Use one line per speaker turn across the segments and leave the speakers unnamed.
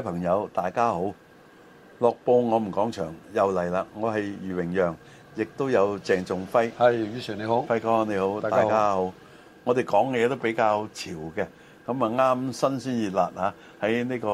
朋友，大家好！樂報，我們講場又嚟啦！我係余榮讓，亦都有鄭仲輝。係，余 sir 你好，輝哥你好，大家好。我哋講嘅嘢都比較潮嘅，咁啊啱新鮮熱辣嚇！喺呢個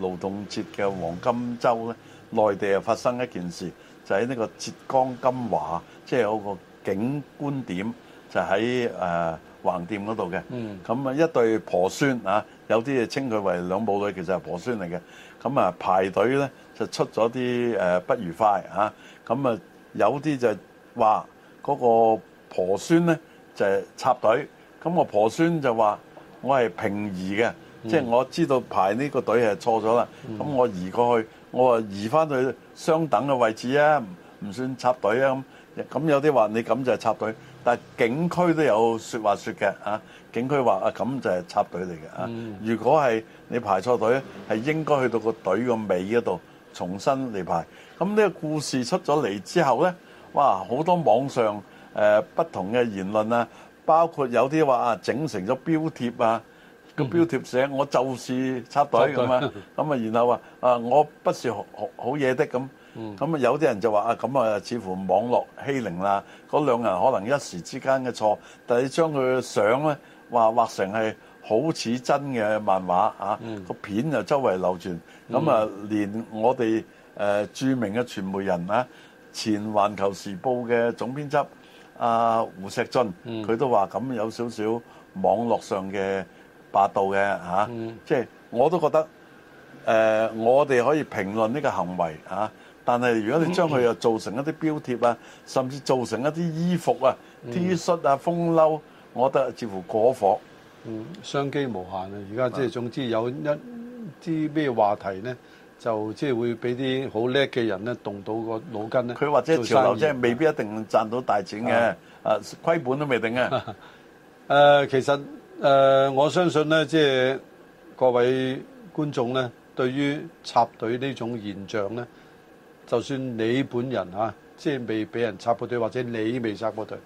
勞動節嘅黃金週咧，內地又發生一件事，就喺呢個浙江金華，即係有個景觀點就喺誒。橫店嗰度嘅，咁啊、嗯、一對婆孫啊，有啲就稱佢為兩母女，其實係婆孫嚟嘅。咁啊排隊咧就出咗啲誒不愉快，咁啊有啲就話嗰個婆孫咧就係、是、插隊，咁我婆孫就話我係平移嘅，嗯、即係我知道排呢個隊係錯咗啦，咁、嗯、我移過去，我移翻去相等嘅位置啊，唔算插隊啊咁，咁有啲話你咁就係插隊。但景區都有説話說嘅啊，景區話啊咁就係插隊嚟嘅啊。嗯、如果係你排錯隊，係應該去到個隊個尾嗰度重新嚟排。咁呢個故事出咗嚟之後呢，哇！好多網上誒、呃、不同嘅言論啊，包括有啲話啊整成咗標貼啊，個標貼寫、嗯、我就是插隊咁啊，咁啊，然後話啊我不是好好好嘢的咁。咁、嗯、啊，有啲人就話啊，咁啊，似乎網絡欺凌啦。嗰兩人可能一時之間嘅錯，但係你將佢嘅相咧，畫畫成係好似真嘅漫畫啊，個、嗯、片就周圍流傳。咁啊，連我哋誒、呃、著名嘅傳媒人咧、啊，前《環球時報》嘅總編輯阿、啊、胡錫進，佢、嗯、都話咁有少少網絡上嘅霸道嘅嚇。啊嗯、即係我都覺得誒、呃，我哋可以評論呢個行為啊。但係，如果你將佢又做成一啲標貼啊，嗯、甚至做成一啲衣服啊、T 恤啊、風褸，我覺得似乎過火，火，商機、嗯、
無限啊！而家即係總之有一啲咩話題咧，就即係會俾
啲好叻嘅人咧，動到個腦筋咧。佢或者潮流即係未必一定賺到大錢嘅，嗯、啊，虧本都未定的
啊。誒，其實誒、呃，我相信咧，即、就、係、是、各位觀眾咧，對於插隊呢種現象咧。就算你本人嚇、啊，即係未俾人插過隊，或者你未插過隊，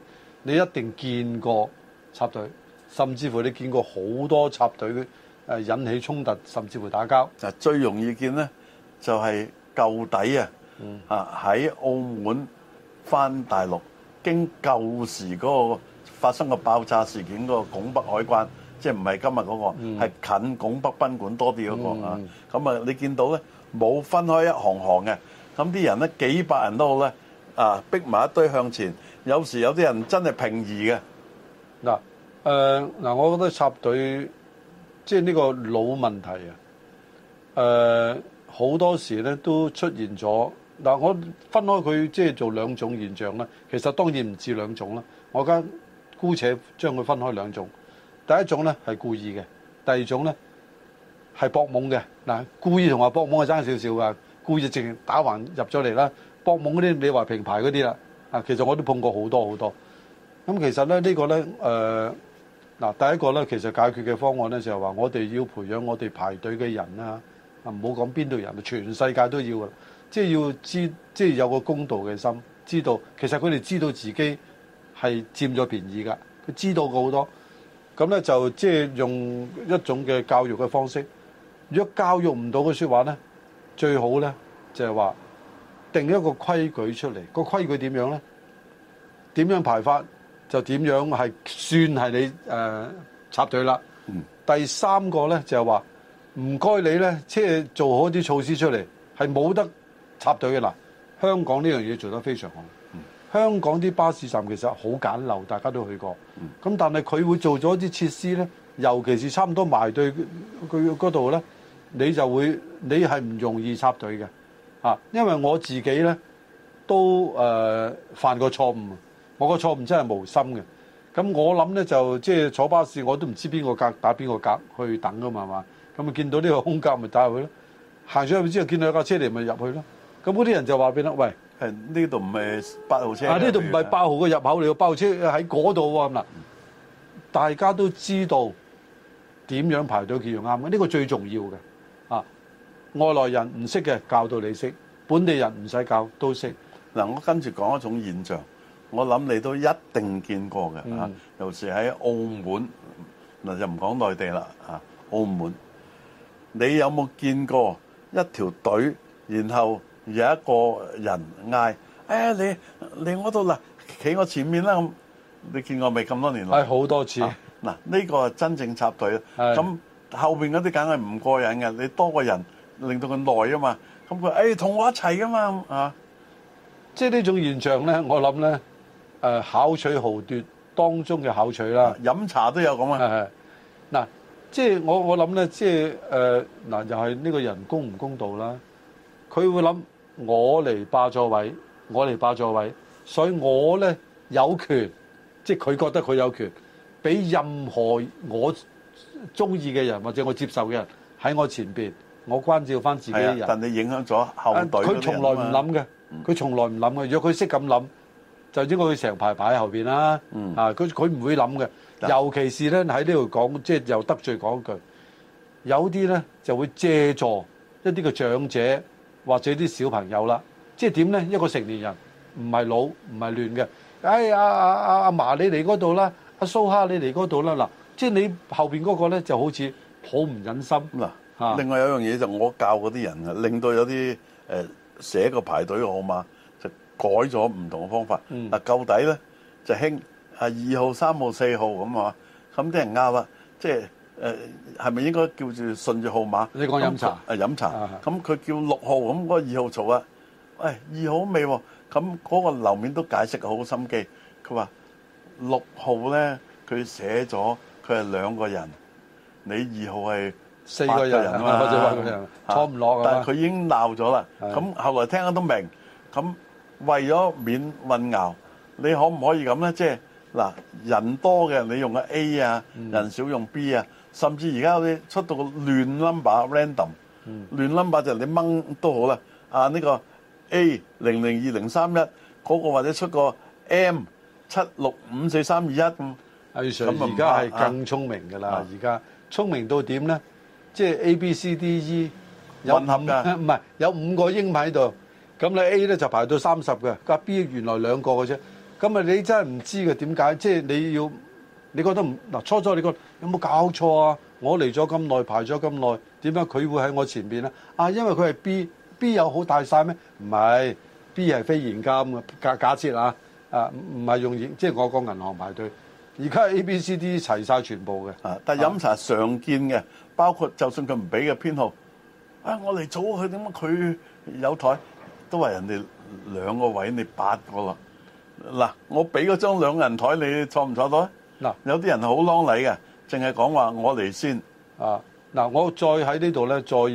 你一定見過插隊，甚至乎你見過好多插
隊誒、啊、引起衝突，甚至乎打交、啊。最容易見咧就係、係、舊底啊，嗯、啊喺澳門翻大陸，經舊時嗰個發生個爆炸事件個拱北海關，即係唔係今日、嗰個，個、嗯，係近拱北賓館多啲嗰、嗰個、嗯、啊。咁啊，啊，你見到咧冇分開一行行嘅。咁啲人咧，幾百人都好咧，啊，逼埋一堆向前。有時有啲人真係平移嘅。嗱、
呃，誒，嗱，我覺得插隊，即係呢個老問題啊。好多時咧都出現咗。嗱、呃，我分開佢，即係做兩種現象啦。其實當然唔止兩種啦。我而家姑且將佢分開兩種。第一種咧係故意嘅，第二種咧係搏懵嘅。嗱、呃，故意同埋搏懵係爭少少嘅。故意直情打橫入咗嚟啦，博懵嗰啲你話平牌嗰啲啦，啊，其實我都碰過好多好多。咁其實咧、這、呢個咧，誒，嗱，第一個咧，其實解決嘅方案咧，就係話我哋要培養我哋排隊嘅人啊，唔好講邊度人，全世界都要嘅，即係要知，即係有個公道嘅心，知道其實佢哋知道自己係佔咗便宜噶，佢知道過好多，咁咧就即係用一種嘅教育嘅方式。如果教育唔到嘅説話咧？最好呢，就係、是、話定一個規矩出嚟。這個規矩點樣呢？點樣排法就點樣係算係你、呃、插隊啦。嗯、第三個呢，就係話唔該你呢，即係做好啲措施出嚟，係冇得插隊嘅啦。香港呢樣嘢做得非常好。嗯、香港啲巴士站其實好簡陋，大家都去過。咁、嗯、但係佢會做咗啲設施呢，尤其是差唔多埋隊佢嗰度呢。你就會，你係唔容易插隊嘅，啊！因為我自己咧都誒、呃、犯過錯誤，我個錯誤真係無心嘅。咁我諗咧就即係坐巴士，我都唔知邊個格打邊個格去等噶嘛，係嘛？咁咪見到呢個空格咪打入去咯。行上去之後見到有架車嚟咪入去咯。咁嗰啲人就話俾你，喂，係呢度唔係八號車啊！呢度唔係八號嘅入口嚟，八、啊、號車喺嗰度啊！咁啦、啊，大家都知道點樣排隊叫啱呢個最重要嘅。外來人唔識嘅教到你識，
本地人唔使教都識。嗱，我跟住講一種現象，我諗你都一定見過嘅吓，嗯、尤其喺澳門，嗱就唔講內地啦吓，澳門，你有冇見過一條隊，然後有一個人嗌，誒、哎、你嚟我度嗱，企我前面啦咁。你見過未？咁多年嚟係好多次。嗱呢個係真正插隊，咁是後邊嗰啲梗係唔過癮嘅，你多個人。令到佢耐啊嘛，咁佢誒同我一齊噶嘛，啊！即係呢種現象咧，我諗咧誒巧
取豪奪當中嘅巧取啦，飲茶都有咁啊！嗱，即係我我諗咧，即係誒嗱，就係呢個人公唔公道啦？佢會諗我嚟霸座位，我嚟霸座位，所以我咧有權，即係佢覺得佢有權，俾任何我中意嘅人或者我接受嘅人喺我前邊。我關照翻自己人，但
你影響咗後代嘅人啊！佢從來唔諗
嘅，佢從來唔諗嘅。若佢識咁諗，就應該佢成排擺喺後邊啦。啊，佢佢唔會諗嘅。尤其是咧喺呢度講，即係又得罪講一句，有啲咧就會借助一啲嘅長者或者啲小朋友啦。即係點咧？一個成年人唔係老唔係亂嘅。哎，阿阿阿阿嫲你嚟嗰度啦，阿蘇蝦你嚟嗰度啦嗱。即係你後邊嗰個咧就好似
好唔忍心嗱。啊、另外有樣嘢就係、我教嗰啲人啊，令到有啲誒、呃、寫個排隊嘅號碼就改咗唔同嘅方法。嗱、嗯，到底咧就興係二號、三號、四號咁啊，咁啲人啱啦。即係誒係咪應該叫住順住號碼？你講飲茶啊、呃、飲茶咁佢叫六號咁，嗰二號嘈啊，喂二號未喎？咁嗰、哎、個樓面都解釋好心機，佢話六號咧佢寫咗佢係兩個人，你二號係。四個人啊，或者八個人坐唔落㗎。但係佢已經鬧咗啦。咁後來聽得都明。咁為咗免混淆，你可唔可以咁咧？即係嗱，人多嘅你用個 A 啊，人少用 B 啊。甚至而家嗰啲出到個亂 number，random，亂 number 就係你掹都好啦。啊呢個 A 零零二零三一，嗰個或者出個 M 七六五四三二一咁。咁而家係更聰明㗎啦！而家聰明
到點咧？即係 A、B、C、D、E 混合噶，唔係有五個英文喺度，咁你 A 咧就排到三十嘅，加 B 原來兩個嘅啫，咁啊你真係唔知嘅點解？即係你要你覺得唔嗱，初初你覺得有冇搞錯啊？我嚟咗咁耐，排咗咁耐，點解佢會喺我前邊咧？啊，因為佢係 B，B 有好大晒咩？唔係 B 係非現金嘅假假設啊，啊唔係用即係
我講銀行排隊，而家 A、B、C、D 齊晒全，全部嘅，但飲茶常見嘅。包括就算佢唔俾嘅編號，啊、哎，我嚟早去點解？佢有台都係人哋兩個位，你八個啦。嗱，我俾嗰張兩人台，你坐唔坐到喏啊？嗱，有啲人好啷理嘅，淨係講話我嚟先。啊，嗱，我再喺呢度咧，再要講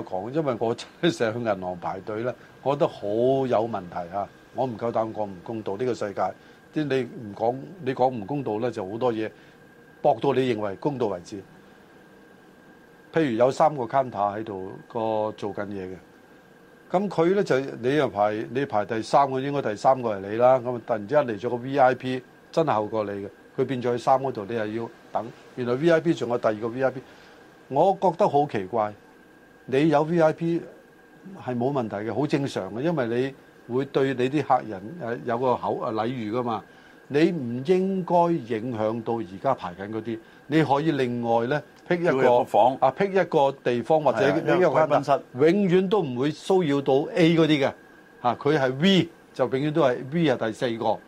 一講，因為我成日去銀行排隊
咧，我覺得好有問題、啊、我唔夠膽講唔公道，呢、呢個世界即係你唔講，你講唔公道咧，就好多嘢搏到你認為公道為止。譬如有三個 counter 喺度個做緊嘢嘅，咁佢呢就你又排你排第三個，應該第三個係你啦。咁突然之間嚟咗個 VIP，真係後過你嘅，佢變咗去三嗰度，你又要等。原來 VIP 仲有第二個 VIP，我覺得好奇怪。你有 VIP 係冇問題嘅，好正常嘅，因為你會對你啲客人誒有個口啊禮遇噶嘛。你唔應該影響到而家排緊嗰啲，你可以另外呢。辟一個，一個房啊，辟一個地方或者、啊、一個間室，永遠都唔會騷擾到 A 嗰啲嘅嚇。佢係 V 就永遠都係 V 啊，第四個。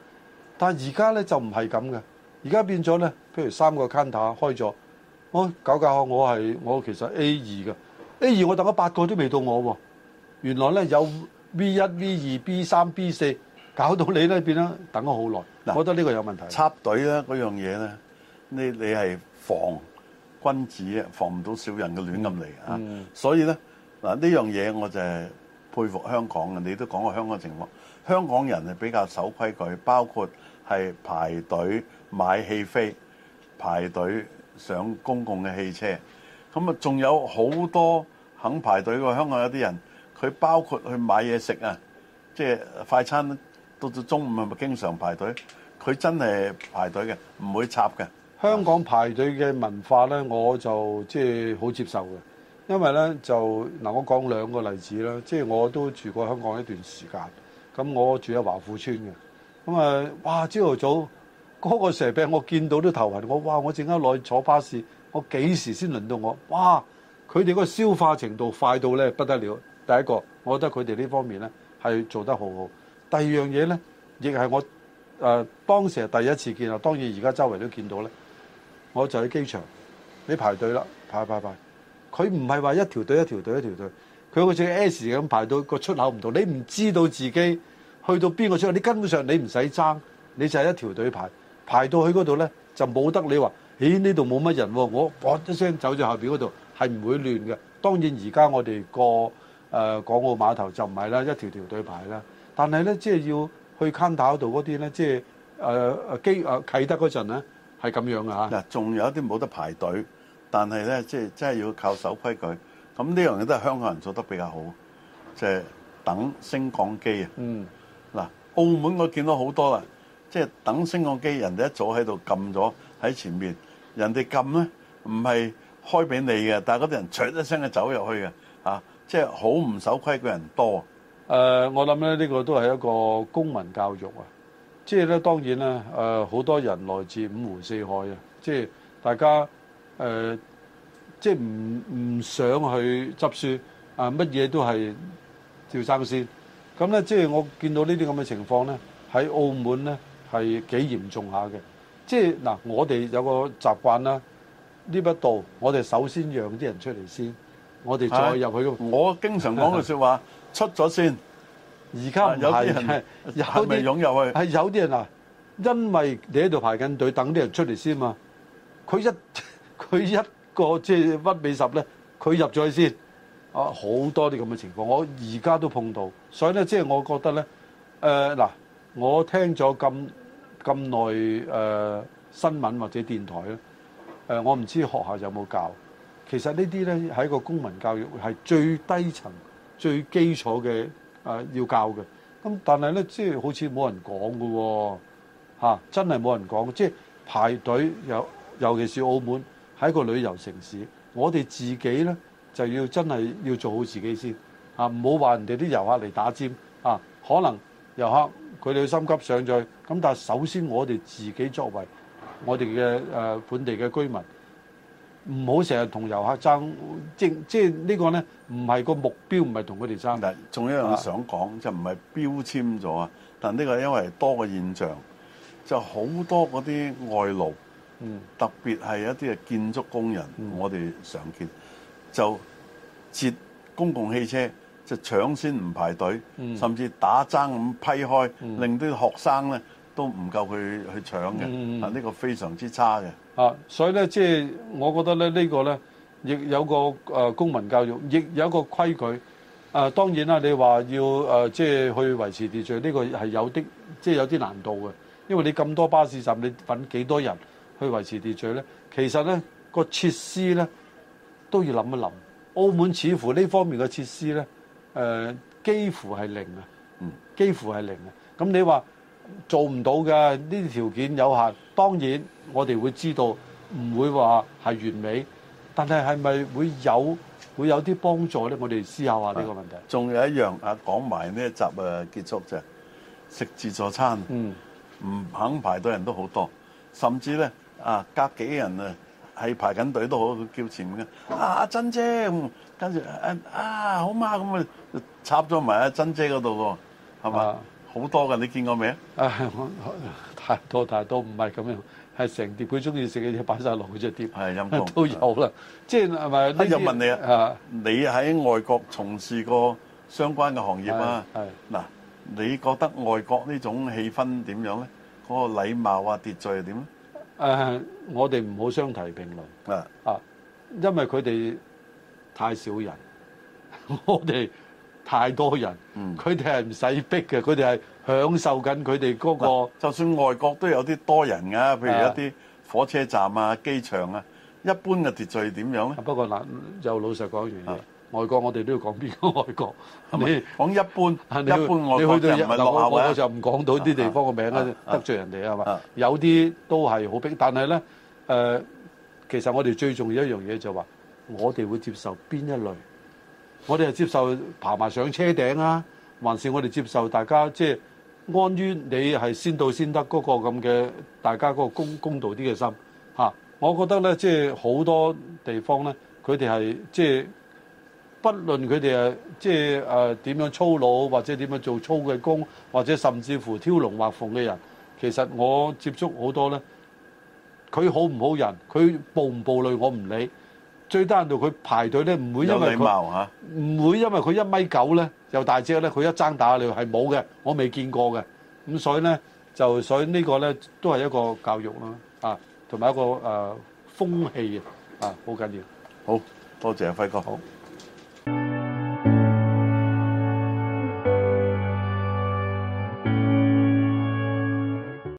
但係而家咧就唔係咁嘅，而家變咗咧，譬如三個 counter 開咗、哦，我搞搞我係我其實 A 二嘅 A 二，我等咗八個都未到我喎。原來咧有 V 一、V 二、B 三、B 四，搞到你咧變咗等咗好耐，
喏我覺得呢個有問題。插隊啦嗰樣嘢咧，你你係防。君子啊防唔到小人嘅亂咁嚟啊！嗯嗯、所以呢，嗱呢樣嘢我就係佩服香港嘅，你都講過香港情況，香港人係比較守規矩，包括係排隊買戲飛、排隊上公共嘅汽車，咁啊仲有好多肯排隊嘅香港有啲人，佢包括去買嘢食啊，即係快餐到到中午係咪經常排隊？佢真係排隊嘅，唔會插嘅。香港排隊嘅文化呢，我就即係
好接受嘅，因為呢，就嗱，我講兩個例子啦，即係我都住過香港一段時間，咁我住喺華富邨嘅，咁啊，哇，朝頭早嗰個蛇餅，我見到都頭暈，我哇，我陣間落去坐巴士，我幾時先輪到我？哇，佢哋個消化程度快到呢不得了，第一個，我覺得佢哋呢方面呢係做得好好，第二樣嘢呢，亦係我誒、啊、當時係第一次見啊，當然而家周圍都見到呢。我就喺機場，你排隊啦，排排排。佢唔係話一條隊一條隊一條隊，佢好似 S 咁排到個出口唔同。你唔知道自己去到邊個出口，你根本上你唔使爭，你就係一條隊排，排到去嗰度呢，就冇得你話。咦？呢度冇乜人喎，我我一聲走咗後邊嗰度，係唔會亂嘅。當然而家我哋過誒港澳碼頭就唔係啦，一條條隊排啦。但係呢，即係要去 counter 嗰度嗰啲呢，即係誒
機誒、啊、啟德嗰陣咧。係咁樣噶嚇，嗱，仲有一啲冇得排隊，但係咧，即係真係要靠守規矩。咁呢樣嘢都係香港人做得比較好，即係等升降機啊。嗯，嗱，澳門我見到好多啦，即係等升降機，人哋一早喺度撳咗喺前面，人哋撳咧唔係開俾你嘅，但係嗰啲人一聲嘅走入去嘅，啊，即係好唔守規矩人多。誒，我諗咧呢個都係一個公民教育啊。即係咧，當然啦，誒、呃、
好多人來自五湖四海啊！即係大家誒、呃，即係唔唔想去執書啊，乜嘢都係照生先。咁咧，即係我見到呢啲咁嘅情況咧，喺澳門咧係幾嚴重下嘅。即係嗱，我哋有個習慣啦，呢一度我哋首先讓啲人出嚟先，我哋再入去。我經常講句說話，出咗先。而家唔係有啲人係都未擁入去啊！係有啲人啊，因為你喺度排緊隊等啲人出嚟先嘛。佢一佢一個即係屈尾十咧，佢入咗去先啊！好多啲咁嘅情況，我而家都碰到，所以咧即係我覺得咧誒嗱，我聽咗咁咁耐誒新聞或者電台咧誒，我唔知學校有冇教，其實呢啲咧係一個公民教育係最低層最基礎嘅。誒要教嘅，咁但係呢，即係好似冇人講㗎喎吓，真係冇人講，即係排隊又尤其是澳門係一個旅遊城市，我哋自己呢，就要真係要做好自己先，啊唔好話人哋啲遊客嚟打尖，啊可能遊客佢哋心急上去，咁但係首先我哋自己作為我哋嘅誒本地嘅居民。唔好成日同遊
客爭，即即個呢個咧，唔係個目標，唔係同佢哋爭。但係仲有一樣想講，就唔係標籤咗啊！但呢個因為多個現象，就好多嗰啲外勞，嗯，特別係一啲嘅建築工人，嗯、我哋常見就截公共汽車，就搶先唔排隊，嗯、甚至打爭咁批開，嗯、令啲學生咧都唔夠佢去搶嘅，啊、嗯，呢個非常之差嘅。
啊，所以咧，即係我覺得咧，呢個咧，亦有個誒公民教育，亦有一個規矩。誒，當然啦，你話要誒，即係去維持秩序，呢個係有啲即係有啲難度嘅，因為你咁多巴士站，你揾幾多人去維持秩序咧？其實咧，個設施咧都要諗一諗。澳門似乎呢方面嘅設施咧，誒幾乎係零啊，幾乎係零啊。咁你話？做唔到嘅呢啲條件有限，當然我哋會知道唔會話係完美，但係係
咪會有會有啲幫助咧？我哋思考下呢個問題。仲有一樣啊，講埋呢一集啊結束就食自助餐，嗯，唔肯排隊人都好多，甚至咧啊隔幾人啊係排緊隊都好，叫錢嘅。啊阿珍姐，跟住誒啊，啊好嘛咁啊插咗埋阿珍姐嗰度喎，係嘛？啊好多㗎，你見過未啊？啊，太多太多，唔係咁樣，係成碟佢鍾意食嘅嘢擺晒落嗰隻碟，都有啦。即係係咪？我又問你啊，你喺外國從事過相關嘅行業啊？嗱，你覺得外國呢種氣氛點樣咧？嗰個禮貌啊，秩序係點咧？誒，我哋唔好相提並論啊啊，因為佢
哋太少人，我哋。太多人，佢
哋係唔使逼嘅，佢哋係享受緊佢哋嗰個。就算外國都有啲多人㗎、啊，譬如一啲火車站啊、啊機場啊，一般嘅秩序係點樣咧？不過嗱，又老實講完、啊、外國我哋都要講邊個外國？咪講你一般，
啊、一般外國人我，我就唔講到啲地方嘅名、啊、得罪人哋係嘛？係係啊、有啲都係好逼，但係咧、呃，其實我哋最重要一樣嘢就話，我哋會接受邊一類。我哋係接受爬埋上車頂啊，還是我哋接受大家即係安於你係先到先得嗰個咁嘅大家嗰個公公道啲嘅心、吓、我覺得咧，即係好多地方咧，佢哋係即係不論佢哋係即係誒點樣粗魯或者點樣做粗嘅工，或者甚至乎挑龍擲鳳嘅人，其實我接觸多呢好多咧，佢好唔好人，佢暴唔暴戾，我唔理。最低限度，佢排隊咧唔會因為佢唔、啊、會因為佢一米九咧又大隻咧，佢一爭打你係冇嘅，我未見過嘅。咁所以咧就所以呢所以呢個咧都係一個教育咯啊，同、啊、埋一個誒、呃、風氣啊，啊好緊要。好
多謝，謝輝哥好。